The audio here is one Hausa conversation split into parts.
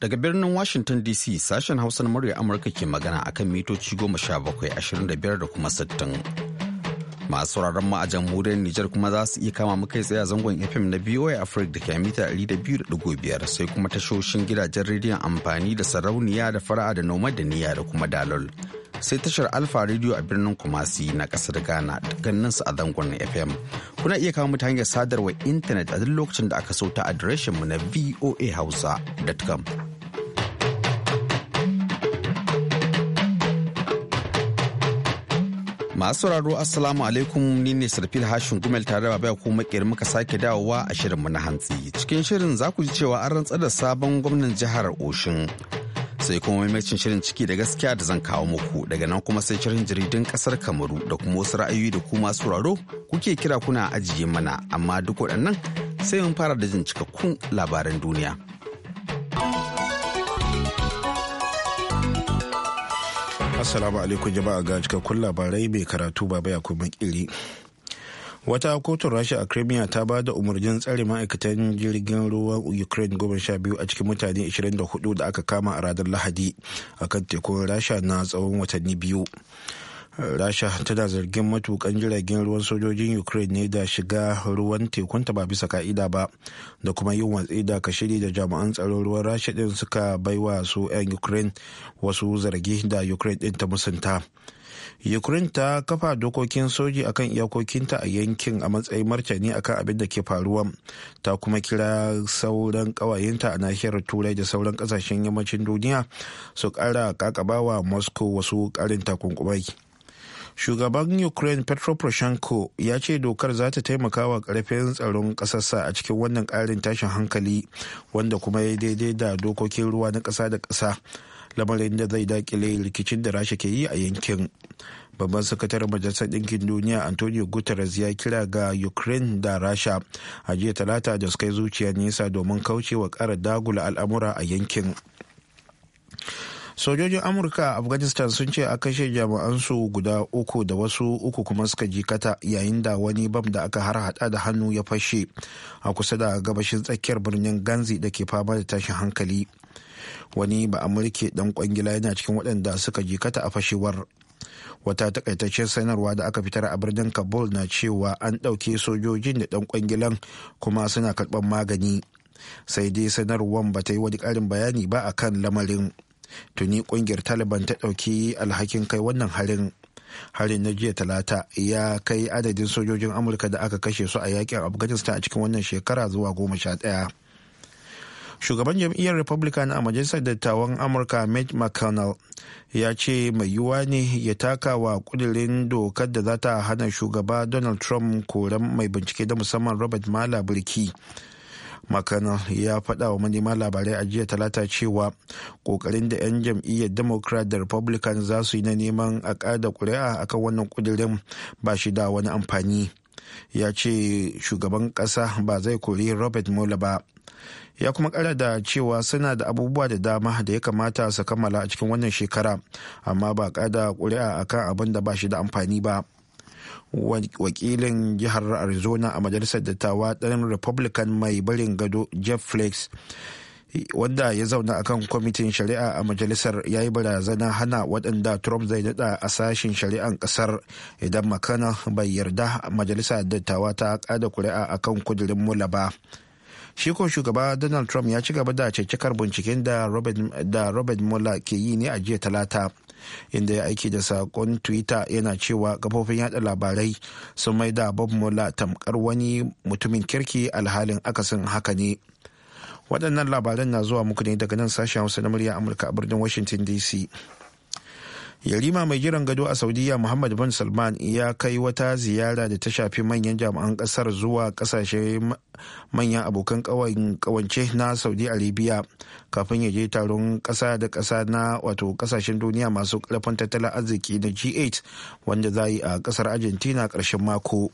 Daga birnin Washington DC sashen Hausa na murya Amurka ke magana a kan mitoci goma sha bakwai ashirin da kuma 60 Masu sauraron mu a jamhuriyar Nijar kuma za su iya kama muka tsaye a zangon FM na BOA Africa da ke mita ɗari sai kuma tashoshin gidajen rediyon amfani da sarauniya da fara'a da noma da niyya da kuma dalol. sai tashar Alfa Radio a birnin Kumasi na kasar Ghana dukkanin su a zangon FM. Kuna iya kawo mutane hanyar sadarwar intanet a duk lokacin da aka so ta adireshin mu na voahausa.com. Masu sauraro Assalamu alaikum ni ne Sarfil Hashin Gumel tare da ku ko makir muka sake dawowa a shirinmu na hantsi. Cikin shirin za ku ji cewa an rantsar da sabon gwamnan jihar Oshin sai kuma maimacin shirin ciki da gaskiya da zan kawo muku daga nan kuma sai shirin jaridun kasar kamaru da kuma wasu ra'ayoyi da kuma sauraro kuke kira kuna ajiye mana amma duk waɗannan sai mun fara da jin cikakkun labaran duniya. Assalamu alaikum jama'a ga cikakkun labarai mai karatu baba ya kuma kiri. wata kotun rasha a crimea ta ba da umarnin tsare ma'aikatan jirgin ruwan ukraine goma sha biyu a cikin mutane 24 da aka kama a ranar lahadi a kan tekun rasha na tsawon watanni biyu rasha tana zargin matukan jiragen ruwan sojojin ukraine ne da shiga ruwan tekunta ba bisa ka'ida ba da kuma yin watsi da kashiri da jami'an tsaron ruwan rasha din suka baiwa su 'yan ukraine wasu zargi da ukraine din ta musanta ukraine ta kafa dokokin soji akan iyakokinta a yankin a matsayin martani akan abin da ke faruwa ta kuma kira sauran kawayenta a nahiyar turai da sauran kasashen yammacin duniya su kara kakabawa moscow wasu karin takunkumai shugaban ukraine petro poroshenko ya ce dokar za ta taimaka wa karfin tsaron kasarsa a cikin wannan karin tashin hankali wanda kuma ya daidai da dokokin ruwa na kasa da kasa lamarin da zai dakile rikicin da rasha ke yi a yankin babban sakataren majalisar ɗinkin duniya antonio guterres ya kira ga ukraine da rasha a jiya talata da suka yi zuciya nesa domin kauce wa ƙara dagula al'amura a yankin sojojin amurka a afghanistan sun ce a kashe jami'ansu guda uku da wasu uku kuma suka jikata yayin da wani bam da aka har hada da hannu ya fashe a kusa da gabashin tsakiyar birnin ganzi da ke fama da tashin hankali wani ba amurke dan kwangila yana cikin waɗanda suka jikata a fashewar wata takaitaccen sanarwa da aka fitar a birnin kabul na cewa an ɗauke sojojin da ɗan kwangilan kuma suna karɓar magani sai dai sanarwar ba ta yi wani ƙarin bayani ba a kan lamarin tuni ƙungiyar taliban ta ɗauki alhakin kai wannan harin harin na jiya talata ya kai adadin sojojin amurka da aka kashe su a yakin afghanistan a cikin wannan shekara zuwa goma sha ɗaya shugaban jam'iyyar republican a majalisar dattawan amurka mitch mcconnell ya ce mai yiwuwa ne ya taka wa kudirin dokar da za ta hana shugaba donald trump koren mai bincike da musamman robert mala birki mcconnell ya faɗa wa manema labarai a jiya talata cewa kokarin da 'yan jam'iyyar democrat da republican za su yi na neman a ƙada ƙuri'a akan wannan kudirin ba shi da wani amfani ya ce shugaban ƙasa ba zai kori robert mueller ba ya kuma kara da cewa suna da abubuwa da dama da ya kamata su kammala a cikin wannan shekara amma ba kada kuri'a akan abin da ba shi da amfani ba wakilin jihar arizona a majalisar dattawa ɗan republican mai barin gado jeff flakes wanda ya zauna akan kwamitin shari'a a majalisar ya yi barazana hana waɗanda trump zai daɗa a sashen shari'an ƙasar idan makana bai yarda majalisar dattawa ta ƙada kuri'a akan kudurin mula ba shi ko shugaba donald trump ya ci gaba da cikakkar binciken da robert mueller ke yi ne a jiya talata inda ya aiki da sakon twitter yana cewa kafofin yada labarai sun mai da bob mueller tamkar wani mutumin kirki alhalin akasin haka ne waɗannan labaran na zuwa muku ne daga nan sashen hausa na murya amurka a birnin washington dc yarima mai jiran gado a saudiya muhammad bin salman ya kai wata ziyara da ta shafi manyan jami'an kasar zuwa kasashe manyan abokan kawance na saudi arabia kafin ya je taron ƙasa da ƙasa na wato ƙasashen duniya masu karfin tattalin arziki na g8 wanda za yi a ƙasar argentina ƙarshen mako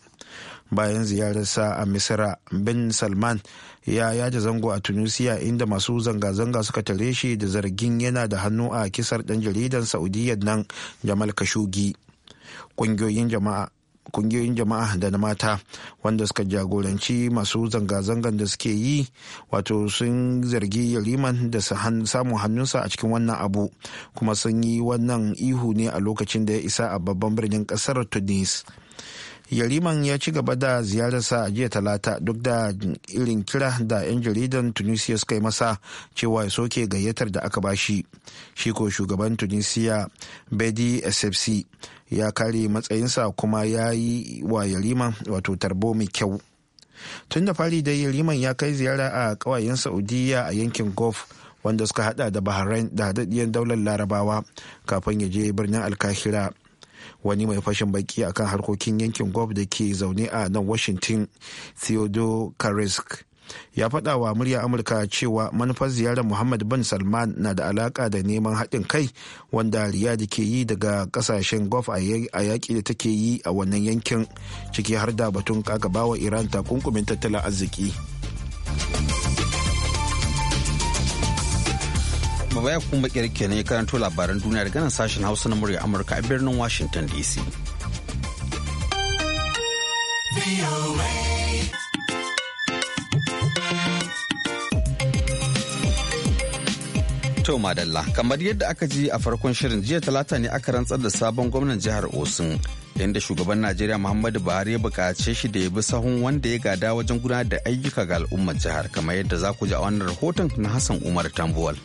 bayan ziyararsa a misira bin salman ya yada zango a tunisia inda masu zanga-zanga suka tare shi da zargin yana da hannu a kisar ɗan jaridan saudiyyar nan jamal kashogi ƙungiyoyin jama'a kungiyoyin jama'a da na mata wanda suka jagoranci masu zanga-zangan da suke yi wato sun zargi yariman da samun hannunsa a cikin wannan abu kuma sun yi wannan ihu ne a lokacin da ya isa a babban birnin kasar tunis yariman ya ci gaba da ziyararsa a jiya talata duk da irin kira da 'yan jaridan tunisia suka yi masa cewa ya soke gayyatar da aka bashi shi ko shugaban tunisia bedi sfc ya kare matsayinsa kuma ya yi wa yarima wato tarbo mai kyau tun da fari dai yariman ya kai ziyara a kawayen saudiya a yankin gulf wanda suka hada da bahrain da haɗaɗɗiyar daular larabawa kafin ya je birnin alkahira wani mai fashin baki akan harkokin yankin gulf da ke zaune a nan washington theodore karisk ya faɗa wa murya amurka cewa manufar ziyarar muhammad bin salman na da alaka da neman haɗin kai wanda riyadi ke yi daga kasashen gulf a yaƙi da take yi a wannan yankin ciki har da batun kakabawa iran takunkumin tattalin arziki babaya kuma kirke ne karanto labaran duniya daga nan sashen Hausa na murya Amurka a birnin Washington DC. To Madalla, kamar yadda aka ji a farkon shirin jiya talata ne aka rantsar da sabon gwamnan jihar Osun, inda shugaban Najeriya Muhammadu Buhari ya buƙace shi da ya bi sahun wanda ya gada wajen gudanar da ayyuka ga al'ummar jihar, kamar yadda za ku ji a wannan rahoton na Hassan Umar Tambuwal.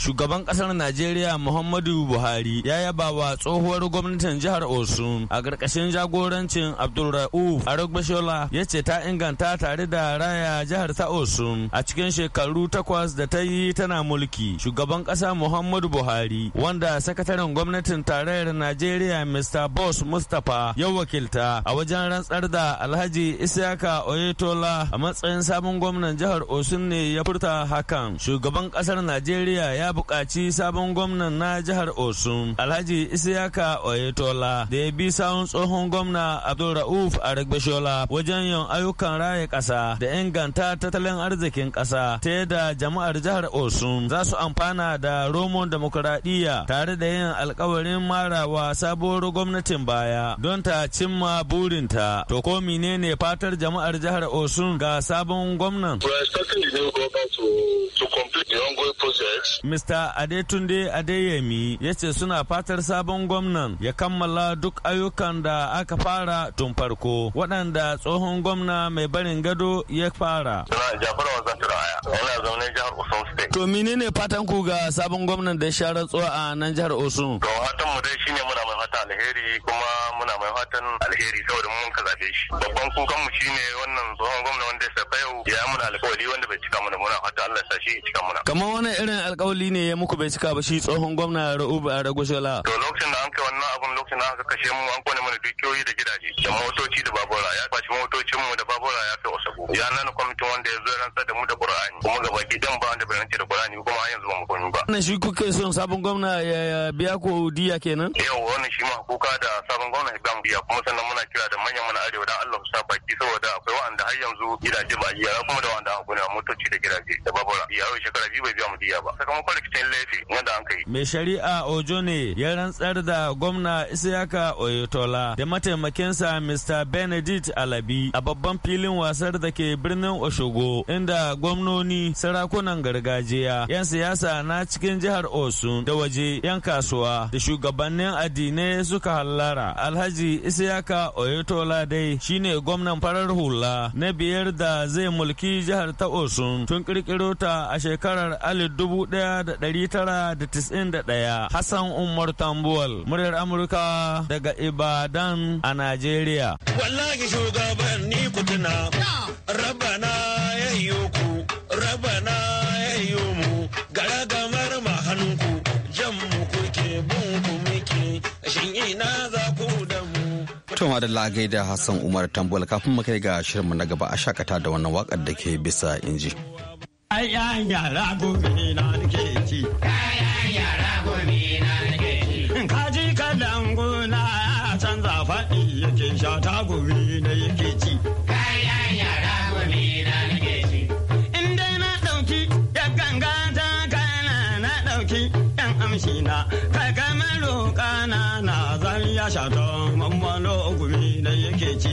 Shugaban ƙasar Najeriya Muhammadu Buhari ya yaba wa tsohuwar gwamnatin jihar Osun a ƙarƙashin jagorancin Abdulra'uf Arogbashola ya ce ta inganta tare da raya jihar ta Osun a cikin shekaru takwas da ta yi tana mulki. Shugaban ƙasa Muhammadu Buhari wanda sakataren gwamnatin tarayyar Najeriya Mr. Boss Mustapha ya wakilta a wajen rantsar da Alhaji Isiyaka Oyetola a matsayin sabon gwamnan jihar Osun ne ya furta hakan. Shugaban ƙasar Najeriya ya a buƙaci sabon gwamnan na jihar Osun Alhaji Isiyaka Oyetola da ya bi sawun tsohon gwamna Ra'uf Aragbeshola wajen yin ayyukan raya ƙasa da inganta tattalin arzikin ƙasa ta yadda jama'ar jihar Osun za su amfana da romo demokuraɗiyya tare da yin alkawarin marawa sabuwar gwamnatin baya don ta cimma burinta. To ko menene fatar jama'ar jihar Osun ga sabon gwamnan? We are expecting the to, complete the ongoing projects. Barista Adetunde Adeyemi ya ce suna fatar sabon gwamnan ya kammala duk ayyukan da aka fara tun farko waɗanda tsohon gwamna mai barin gado ya fara. To menene fatan ku ga sabon gwamnan da ya sha rantsuwa a nan jihar Osun? To fatan mu dai shine muna mai fata alheri kuma muna mai fatan alheri saboda mun ka zabe shi. Babban kukan mu shine wannan tsohon gwamna wanda ya sa yau ya muna alƙawari wanda bai cika muna muna fata Allah ya sa shi ya cika muna. Kamar wani irin alƙawari ne ya muku bai cika ba shi tsohon gwamna Ra'ubu Aragoshola. To lokacin da an kai wannan abun lokacin da aka kashe mu an kone mana dukiyoyi da gidaje da motoci da babura ya kwaci motocin mu da babura ya kai Osogbo. Ya nana kwamitin wanda ya zo rantsar da mu da Qur'ani kuma gaba ki dan ba wanda bai rantse da Qur'ani kuma yanzu ba mu komi ba. Wannan shi kuke son sabon gwamna ya biya ko diya kenan? Yau wannan shi ma kuka da sabon gwamna ya biya kuma sannan muna kira da manyan mana arewa dan Allah su sa baki saboda akwai wa'anda har yanzu gidaje ba a yi kuma da diya yau shekara biyu bai biya mu diya ba sakamakon rikicin laifi wanda an kai. mai shari'a ojo ne ya rantsar da gwamna isiyaka oyetola da mataimakinsa mr benedict alabi a babban filin wasar da ke birnin oshogo inda gwamnoni sarakunan gargajiya 'yan siyasa na cikin jihar osun da waje 'yan kasuwa da shugabannin addinai suka hallara alhaji isiyaka oyetola dai shine gwamnan farar hula na biyar da zai mulki jihar ta osun tun kirkiro ta a shekarar 1991 Hassan Umar Tambuwal, muryar Amurka daga Ibadan a Najeriya. Wallahi shugaban ni kutuna, rabana ya yi ku, rabana ya yi mu, garagamar mahanku, jan kuke bin ku muke, shin ina za ku da mu. Tom Adalla gaida Hassan Umar Tambuwal kafin mu kai ga shirinmu na gaba a shakata da wannan wakar da ke bisa inji. Kayan yara gobe na nake ci. Kayan yara gobe na nake ci. Kaji kalan gona canza faɗi yake sha ta gobe na yake ci. Kayan yara gobe na nake ci. In dai na ɗauki ya ganga ta kana na ɗauki ɗan amshi na. Kaga maro kana na zan ya sha ta mamman gobe na yake ci.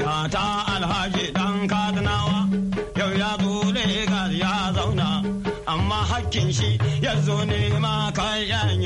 yata alhaji dan kadanawa yau ya zo Legas ya zauna amma hakkin shi ya zo nema kayan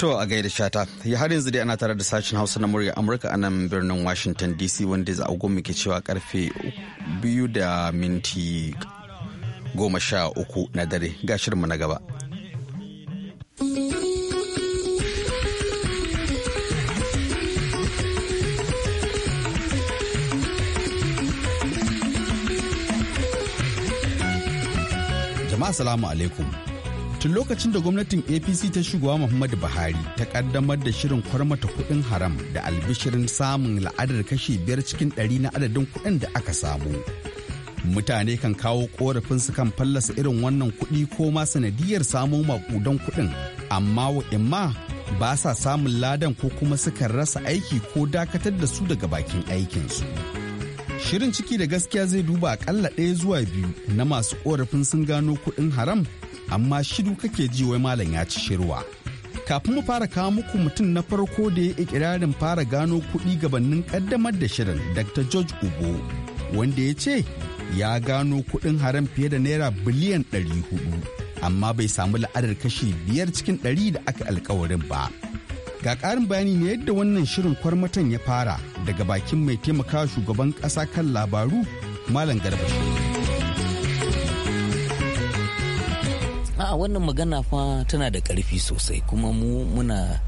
To a gaida shata, ya har yanzu dai ana tare da sashen Hausa na murya Amurka a nan birnin Washington DC wanda za a goma ke cewa karfe biyu da minti goma sha uku na dare ga shirinmu na gaba. Jama'a salamu alaikum. tun lokacin da gwamnatin apc ta shugaba muhammadu buhari ta kaddamar da shirin kwarmata kuɗin haram da albishirin samun la'adar kashi biyar cikin ɗari na adadin kuɗin da aka samu mutane kan kawo korafinsu kan fallasa irin wannan kuɗi ko ma sanadiyar samo maƙudan kuɗin amma wa'imma ba sa samun ladan ko kuma sukan rasa aiki ko dakatar da su daga bakin aikinsu shirin ciki da gaskiya zai duba akalla ɗaya zuwa biyu na masu korafin sun gano kuɗin haram amma shidu kake ji wai malam ya ci shirwa kafin mu fara kawo muku mutum na farko da ya ikirarin fara gano kuɗi gabanin ƙaddamar da shirin dr george ubo wanda ya ce ya gano kuɗin haram fiye da naira biliyan 400 amma bai samu la'adar kashi biyar cikin ɗari da aka alkawarin ba ga ƙarin bayani ne yadda wannan shirin kwarmatan ya fara daga bakin mai taimaka shugaban ƙasa kan labaru malam garba Shehu. A'a, wannan magana fa tana da ƙarfi sosai kuma mu muna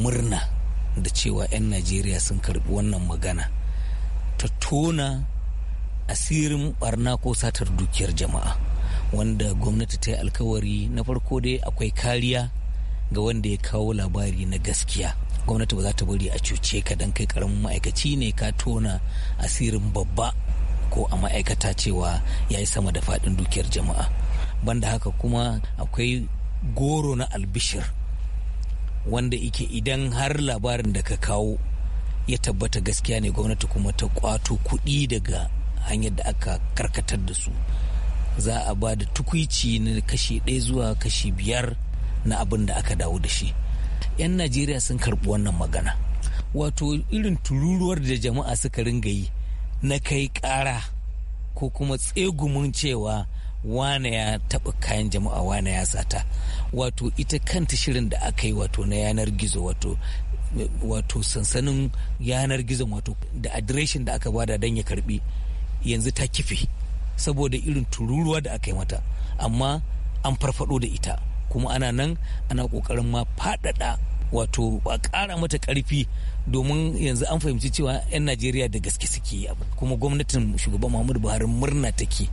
murna da cewa 'yan najeriya sun karɓi wannan magana ta tona asirin barna ko satar dukiyar jama'a wanda gwamnati ta yi alkawari na farko dai akwai kariya ga wanda ya kawo labari na gaskiya gwamnati ba za ta bari a cuce ka dan kai karamin ma'aikaci ne ka tona asirin babba ko a ma'aikata cewa ya yi sama da faɗin dukiyar jama'a banda haka kuma akwai goro na albishir wanda ike idan har labarin da ka kawo ya tabbata gaskiya ne gwamnati kuma ta kwato kuɗi daga hanyar da aka karkatar da su za a ba da tukwici na kashi ɗaya zuwa kashi biyar na abin da aka dawo da shi 'yan najeriya sun karɓi wannan magana wato irin tururuwar da jama'a suka ringa yi na kai ƙara ko kuma tsegumin cewa wane ya taɓa kayan jama'a wane ya sata wato ita kanta shirin da aka yi wato na yanar gizo wato wato sansanin yanar gizon wato da adireshin da aka bada don ya karbi yanzu ta kife saboda irin tururuwa da aka yi mata amma an farfado da ita kuma ana nan ana kokarin ma faɗaɗa wato a ƙara mata ƙarfi domin yanzu an fahimci cewa 'yan najeriya da gaske suke yi kuma gwamnatin shugaban muhammadu buhari murna take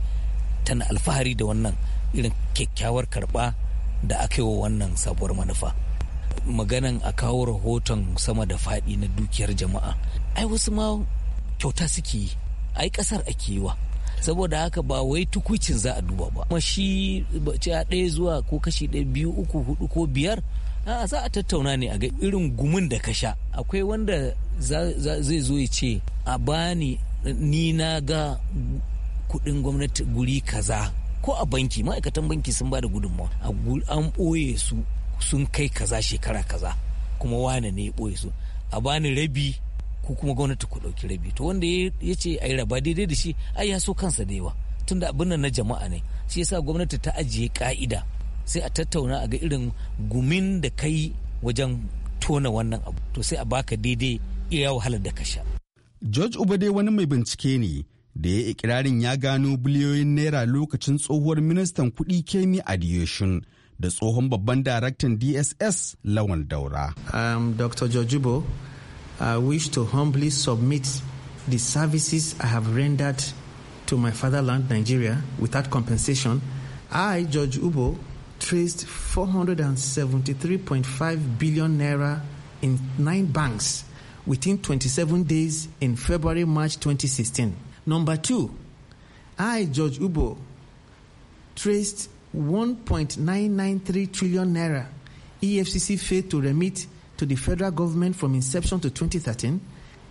tana alfahari da wannan irin kyakkyawar karɓa da aka yi wa wannan sabuwar manufa maganan a kawo rahoton sama da faɗi na dukiyar jama'a ai wasu ma kyauta suke yi ai kasar ake yi wa saboda haka ba wai tukucin za a duba ba kuma shi a ɗaya zuwa ko kashi ɗaya biyu uku hudu ko biyar a za a tattauna ne a ga irin gumin da ka sha akwai wanda zai zo ya ce a bani ni na ga kuɗin gwamnati guri kaza ko a banki ma'aikatan banki sun ba da gudunmawa an ɓoye su sun kai kaza shekara kaza kuma wane ne ya ɓoye su a bani rabi ko kuma gwamnati ku ɗauki rabi to wanda ya ce a yi raba daidai da shi ai ya so kansa da yawa tunda abin nan na jama'a ne shi yasa gwamnati ta ajiye ka'ida sai a tattauna a ga irin gumin da kai wajen tona wannan abu to sai a baka daidai iya wahalar da ka sha George Ubade wani mai bincike ne da ya ikirarin ya gano biliyoyin naira lokacin tsohuwar ministan kuɗi kemi adiyoshin da tsohon babban daraktan dss lawan daura. Um, dr jojibo i wish to humbly submit the services i have rendered to my fatherland nigeria without compensation i george ubo traced 473.5 billion naira in nine banks within 27 days in february march 2016 Number two, I, George Ubo, traced 1.993 trillion naira EFCC failed to remit to the federal government from inception to 2013.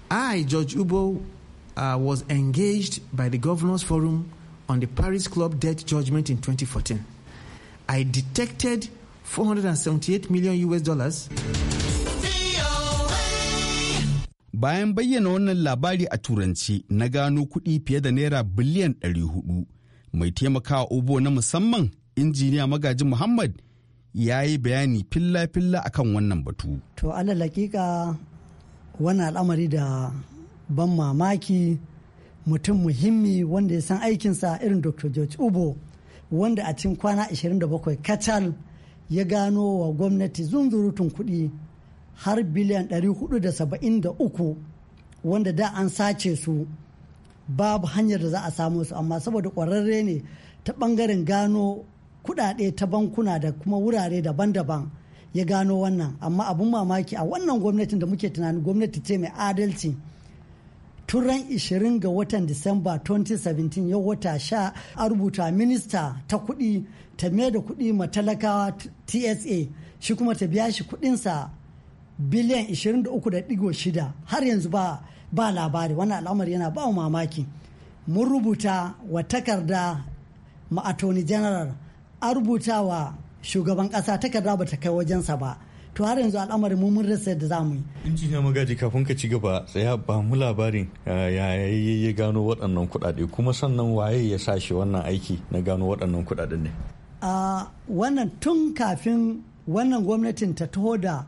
I, George Ubo, uh, was engaged by the Governors Forum on the Paris Club debt judgment in 2014. I detected 478 million US dollars bayan bayyana wannan labari a turanci na gano kuɗi fiye da naira biliyan 400 mai taimakawa obo na musamman injiniya magajin muhammad ya yi bayani filla-filla a kan wannan batu to alal hakika wannan al'amari da ban mamaki mutum muhimmi wanda ya san aikinsa irin dr george ubo wanda a cikin kwana 27 kacal ya gano wa gwamnati zunzurutun kuɗi har biliyan 473 wanda da an sace su babu hanyar da za a samu su amma saboda kwararre ne ta bangaren gano kuɗaɗe ta bankuna da kuma wurare daban-daban ya gano wannan amma abin mamaki a wannan gwamnatin da muke tunanin gwamnati ce mai adalci turan 20 ga watan disamba 2017 yau wata sha a rubuta minista ta kuɗi ta mai da kuɗi matalakawa tsa shi kuma ta biya shi kuɗinsa biliyan 23.6 har yanzu ba ba labari wannan al'amari yana ba mamaki mun rubuta wa takarda ma attorney general a rubuta wa shugaban kasa takarda ba ta kai wajensa ba to har yanzu al'amarin mu mun rasa yadda zamu yi injiniya magaji kafin ka ci gaba tsaya ba mu labarin ya ya gano waɗannan kuɗaɗe kuma sannan waye ya sa shi wannan aiki na gano waɗannan kuɗaɗen ne a ah, wannan tun kafin wannan gwamnatin ta taho da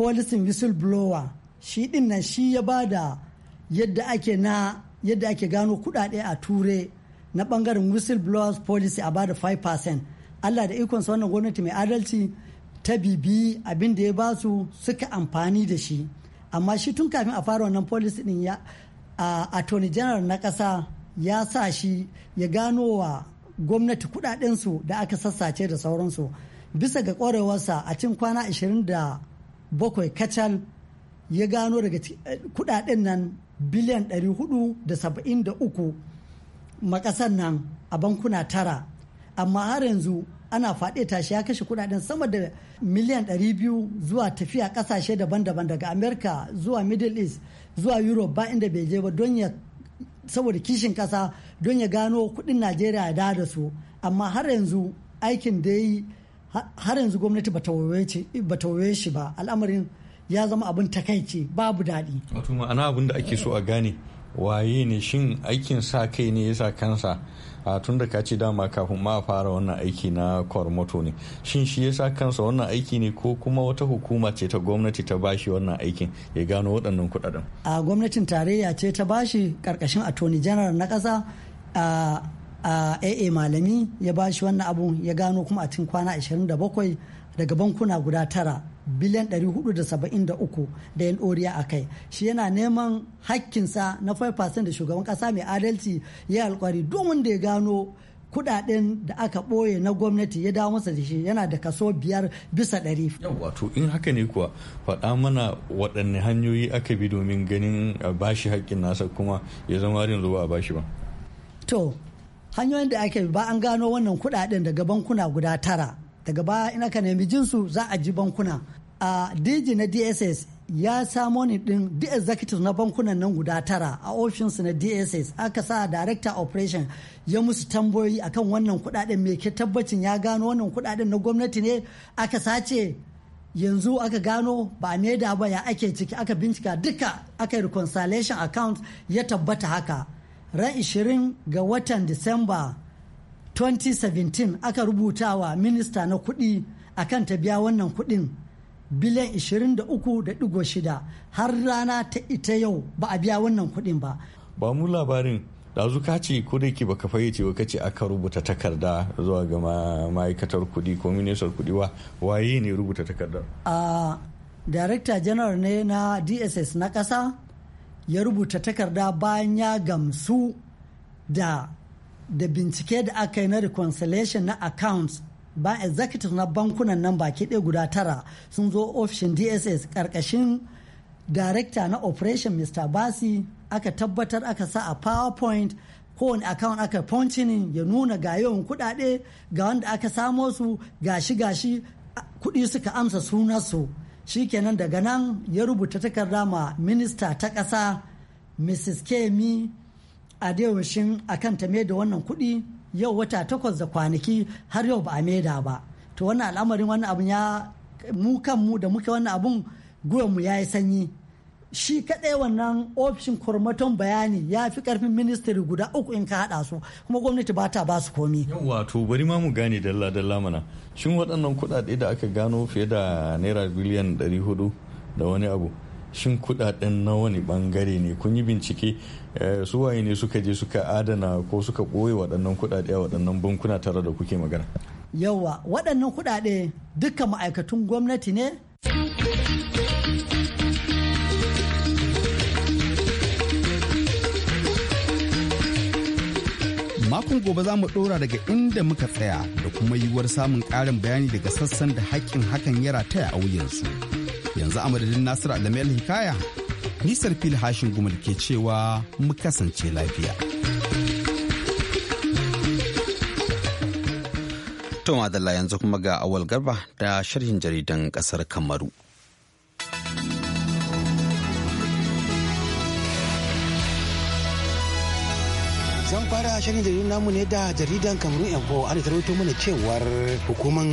policing whistleblower shi din nan shi ya bada yadda ake na yadda ake gano kudade a ture na bangaren whistleblowers policy a bada 5% Allah da ikon wannan gwamnati mai adalci ta bibi abin da ya ba su suka amfani da shi amma shi tun kafin a fara wannan policy din ya a attorney general na kasa ya sa shi ya gano wa gwamnati kudadensu da aka sassace da sauransu bisa ga kwarewarsa a cin kwana ashirin da bakwai kacal ya gano daga eh, kudaden nan biliyan 473 makasan nan a bankuna tara amma har yanzu ana faɗe tashi ya kashe kudaden sama da miliyan 200 zuwa tafiya kasashe daban-daban daga america zuwa middle east zuwa europe ba inda bai je ba don ya saboda kishin kasa don ya gano kudin najeriya ya da su amma har yanzu aikin da ya yi har yanzu gwamnati ba ta waye shi ba al'amarin ya zama abin takaici babu daɗi. wato ma'ana abin da ake so a gane waye ne shin aikin sa kai ne ya sa kansa a tun da ka ce dama kafin ma fara wannan aiki na kwarmoto ne shin shi ya sa kansa wannan aiki ne ko kuma wata hukuma ce ta gwamnati ta bashi wannan aikin ya gano waɗannan kuɗaɗen a gwamnatin tarayya ce ta bashi karkashin attorney general na ƙasa a aa malami ya ba shi wannan abun ya gano kuma a cikin kwana 27 daga bankuna guda tara biliyan 473 da yan oriya a kai shi yana neman hakkinsa na 5% da shugaban ƙasa mai adalci ya alkwari duk wanda ya gano kudaden da aka ɓoye na gwamnati ya dawo masa da shi yana da kaso biyar bisa ɗari. wato in haka ne kuwa faɗa mana waɗanne hanyoyi aka bi domin ganin bashi haƙƙin nasa kuma ya zama rin zuwa bashi ba. to hanyoyin da ake ba an gano wannan kuɗaɗen daga bankuna guda tara daga baya in aka nemi jinsu za a ji bankuna a dj na dss ya samo ni din the executive na bankunan nan guda tara a ofishinsu na dss aka sa director operation ya musu tambayoyi akan wannan kudaden me ke tabbacin ya gano wannan kudaden na gwamnati ne aka sace yanzu aka gano ba a da ba ya ake ciki aka bincika duka aka yi reconciliation account ya tabbata haka ran 20 ga watan Disamba 2017 aka rubuta wa minista na kuɗi akan ta biya wannan kuɗin biliyan 23.6 har rana ta ita yau ba a biya wannan kuɗin ba. Ba mu labarin ɗazu ka ce ko da ke baka fayyace ba kace aka rubuta takarda zuwa ga ma'aikatar kuɗi ko ministar kuɗi wa waye ne rubuta takardar? A ah, Director General ne na DSS na kasa. ya rubuta takarda bayan ya gamsu da da bincike da aka yi na reconciliation na accounts ba executive na bankunan nan baki ɗaya guda tara sun zo ofishin dss ƙarƙashin director na operation mr basi aka tabbatar aka sa a powerpoint kowane account aka punching ya nuna ga yawan kuɗaɗe ga wanda aka samo su gashi gashi kuɗi suka amsa sunansu shikenan daga nan ya rubuta takarda ma minista ta ƙasa mrs kemi adewashin kan ta da wannan kuɗi yau wata takwas da kwanaki har yau ba a maida ba to wannan al'amarin wannan abun ya mu kanmu da muke wannan abun mu ya yi sanyi shi kaɗai wannan ofishin kurmaton bayani ya fi karfin ministiri guda uku in ka haɗa su kuma gwamnati ba ta ba su komi. wato bari ma mu gane dalla dalla mana shin waɗannan kuɗaɗe da aka gano fiye da naira biliyan ɗari hudu da wani abu shin kuɗaɗen na wani bangare ne kun yi bincike eh, su waye ne suka je suka adana ko suka ɓoye waɗannan kuɗaɗe a waɗannan bankuna tare da kuke magana. yawa waɗannan kuɗaɗe dukkan ma'aikatun gwamnati ne. makon gobe za mu ɗora daga inda muka tsaya da kuma yiwuwar samun ƙarin bayani daga sassan da haƙƙin hakan ya rataya a wuyansu. Yanzu a madadin Nasiru Alamel Hikaya, nisar fil hashin gumal ke cewa mu kasance lafiya. To madalla yanzu kuma ga awal garba da sharhin jaridan ƙasar Kamaru. fara shirin jaridar namu ne da jaridan Cameroon Info an tarwato mana cewar hukuman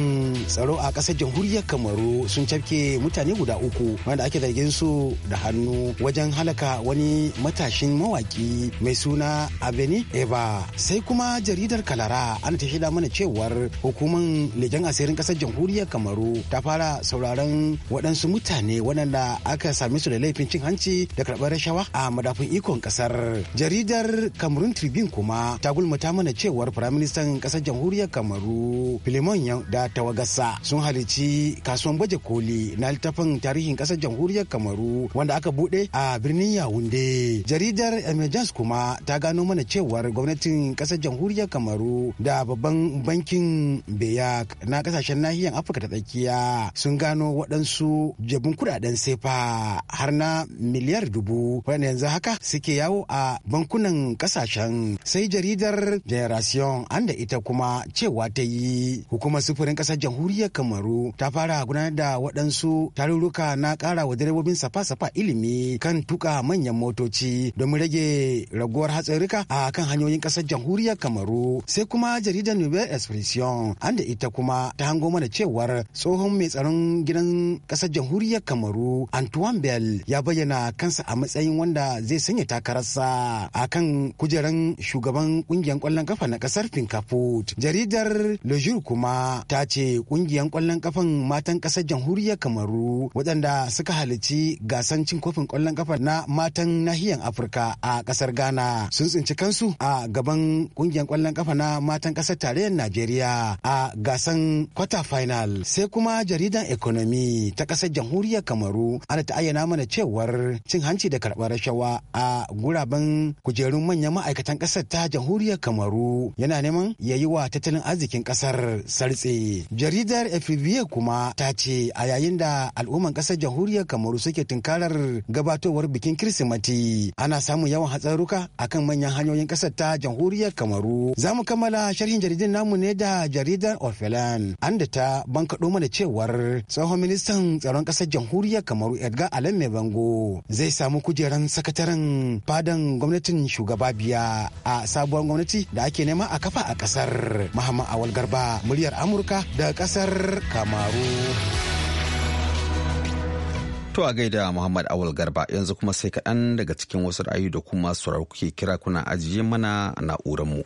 tsaro a ƙasar jamhuriyar Kamaru sun cafke mutane guda uku wanda ake zargin su da hannu wajen halaka wani matashin mawaki mai suna Abeni Eba. Sai kuma jaridar Kalara an ta shaida mana cewar hukumar legen asirin ƙasar jamhuriyar Kamaru ta fara sauraron waɗansu mutane waɗanda aka same su da laifin cin hanci da karɓar rashawa a madafin ikon ƙasar Jaridar kamarun Tribune kuma kuma ta gulmata mana cewar firaministan ƙasar jamhuriyar kamaru filimon da tawagasa sun halici kasuwan baje koli na littafin tarihin ƙasar jamhuriyar kamaru wanda aka bude a birnin yawunde jaridar emergence kuma ta gano mana cewar gwamnatin ƙasar jamhuriyar kamaru da babban bankin beyak na kasashen nahiyar afirka ta tsakiya sun gano waɗansu jabin kudaden sefa har na miliyar dubu wanda yanzu haka suke yawo a bankunan ƙasashen sai jaridar generation an da ita kuma cewa ta yi hukumar sufurin kasar jamhuriyar kamaru ta fara gudanar da waɗansu tarurruka na ƙara wa direbobin safa-safa ilimi kan tuka manyan motoci domin rage raguwar hatsarurruka a kan hanyoyin kasar jamhuriyar kamaru sai kuma jaridar nouvelle expression an da ita kuma ta hango mana cewar tsohon mai tsaron gidan kasar jamhuriyar kamaru antoine bell ya bayyana kansa a matsayin wanda zai sanya takararsa a kan kujerar shugaban shugaban kungiyar kwallon kafa na kasar Finkafut. Jaridar Le kuma ta ce kungiyar kwallon kafan matan kasar jamhuriyar Kamaru waɗanda suka halici gasan cin kofin kwallon kafa na matan nahiyar Afirka a kasar Ghana sun tsinci kansu a gaban kungiyar kwallon kafa na matan kasar tarayyar Najeriya a gasan kwata final. Sai kuma jaridan Economy ta kasar jamhuriyar Kamaru ana ta ayyana mana cewar cin hanci da karɓar rashawa a guraben kujerun manyan ma'aikatan kasar ta jamhuriyar kamaru yana neman ya yi wa tattalin arzikin kasar sartse jaridar fba kuma ta ce a yayin da al'umman kasar jamhuriyar kamaru suke tunkarar gabatowar bikin kirsimati ana samun yawan hatsaruka kan manyan hanyoyin kasar ta jamhuriyar kamaru za mu kammala sharhin jaridar namu ne da jaridar orfelan an da ta bankaɗo mana cewar tsohon ministan tsaron kasar jamhuriyar kamaru edgar mai bango zai samu kujeran sakataren fadan gwamnatin shugaba biya a sabuwar gwamnati da ake nema a kafa a kasar muhammad awal garba muryar amurka da kasar kamaru to a gaida muhammad awal garba yanzu kuma sai kaɗan daga cikin wasu ra'ayi da kuma sauraro kuke kira kuna ajiye mana na'urar mu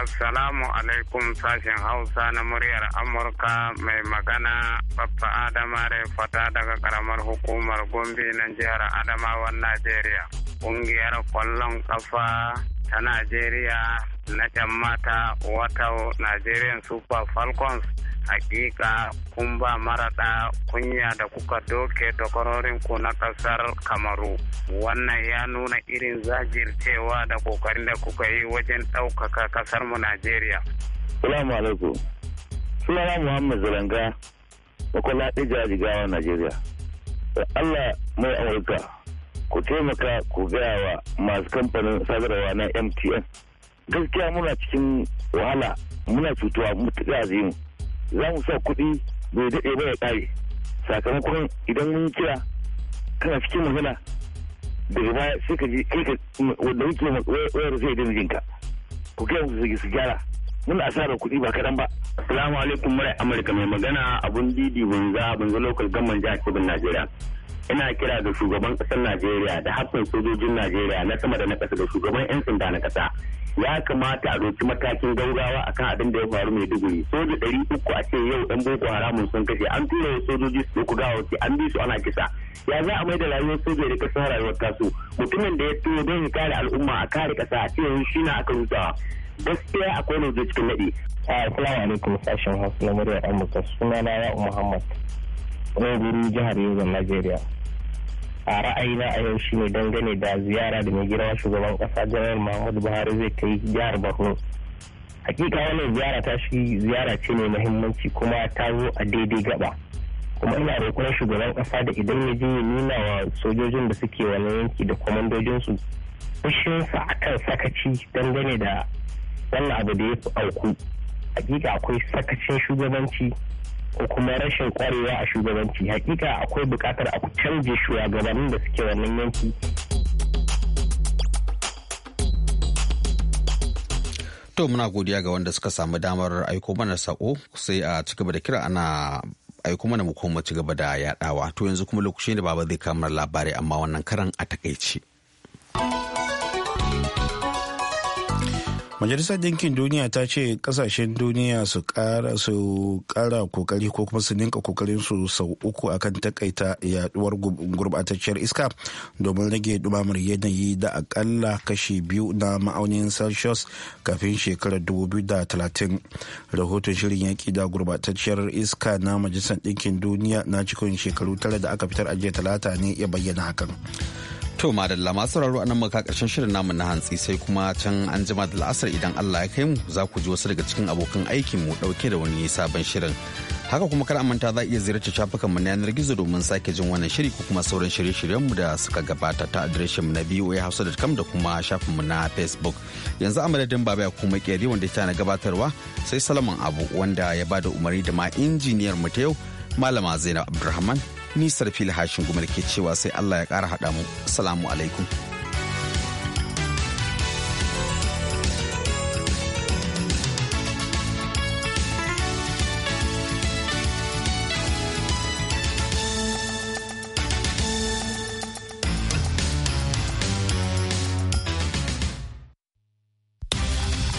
Assalamu alaikum sashen Hausa na muryar Amurka mai magana Baffa Adama fata daga karamar hukumar Gombe na jihar Adamawa Najeriya. ƙungiyar kwallon ƙafa ta Najeriya na mata wata Nigerian Super Falcons hakika kun ba marada kunya da kuka doke takwarorin ku na kasar kamaru wannan ya nuna irin zajircewa da kokarin da kuka yi wajen ɗaukaka kasar mu najeriya salamu alaikum sunana muhammad zalanga makwala ɗija najeriya allah mai amurka ku taimaka ku gaya wa masu kamfanin sadarwa na mtn gaskiya muna cikin wahala muna cutuwa mutuka za mu sa kuɗi bai daɗe ba ya ƙare sakamakon idan mun kira kana cikin magana daga baya sai ka ji kai ka wanda wuce wayar zai da mijinka ku kai musu su gyara muna asarar kuɗi ba kaɗan ba. Assalamu alaikum mara Amurka mai magana abun didi banza banza local gamman jihar Kebbi Najeriya. ina kira ga shugaban kasar najeriya da hakan sojojin najeriya na sama da na kasa da shugaban yan sanda na kasa ya kamata a doki matakin gaugawa akan abin da ya faru mai duguri soja ɗari uku a ce yau ɗan boko haramun sun kashe an tura sojoji su ku gawa an bi su ana kisa ya za a mai da rayuwar soja da kasar rayuwar tasu mutumin da ya tura don ya kare al'umma a kare kasa a ce yanzu shi na aka rusawa gaskiya akwai lauje cikin naɗi. Ah, assalamu alaikum sashen Hausa na muryar Amurka na ya Muhammad. Wani guri jihar Yobe Najeriya. a ra'ayi, na a yau ne dangane da ziyara da mai girma shugaban kasa janar muhammadu buhari zai kai jihar borno hakika wannan ziyara ta shi ziyara ce mai mahimmanci kuma ta zo a daidai gaba kuma ina roƙon shugaban kasa da idan ya je ya nuna wa sojojin da suke wani yanki da kwamandojinsu fushinsa kan sakaci dangane da wannan abu da ya fi auku hakika akwai sakacin shugabanci ko kuma rashin kwarewa a shugabanci hakika akwai bukatar a canje shugabannin da suke wannan yanki to muna godiya ga wanda suka samu damar aiko mana sako sai a cigaba da kira ana aiko mana mu koma ci gaba da yadawa to yanzu kuma lokaci da baba zai kamar labarai amma wannan karan a takaice majalisar ɗinkin duniya ta ce ƙasashen duniya su ƙara su ƙara kokari ko kuma su ninka kokarin su sau uku akan takaita yaduwar gurbatacciyar iska domin rage dumamar yanayi da akalla kashi biyu na ma'aunin celsius kafin shekarar 2030 rahoton shirin yaƙi da gurbatacciyar iska na majalisar ɗinkin duniya na cikin shekaru tara da aka fitar a jiya talata ne ya bayyana hakan To madalla masu sauraro anan muka karshen shirin namu na hantsi sai kuma can an jima da la'asar idan Allah ya kai mu za ku ji wasu daga cikin abokan aikin mu dauke da wani sabon shirin. Haka kuma kar manta za iya ziyarci shafukan mu na yanar gizo domin sake jin wannan shiri ko kuma sauran shirye-shiryen mu da suka gabata ta adireshin mu na voahausa.com da kuma shafin mu na Facebook. Yanzu amadadin baba ya kuma kere wanda ta na gabatarwa sai Salaman Abu wanda ya bada umarni da ma injiniyar mu ta yau Malama Zainab Abdulrahman Nisar fili hashin gumal ke cewa sai Allah ya kara haɗa mu. Salamu alaikum.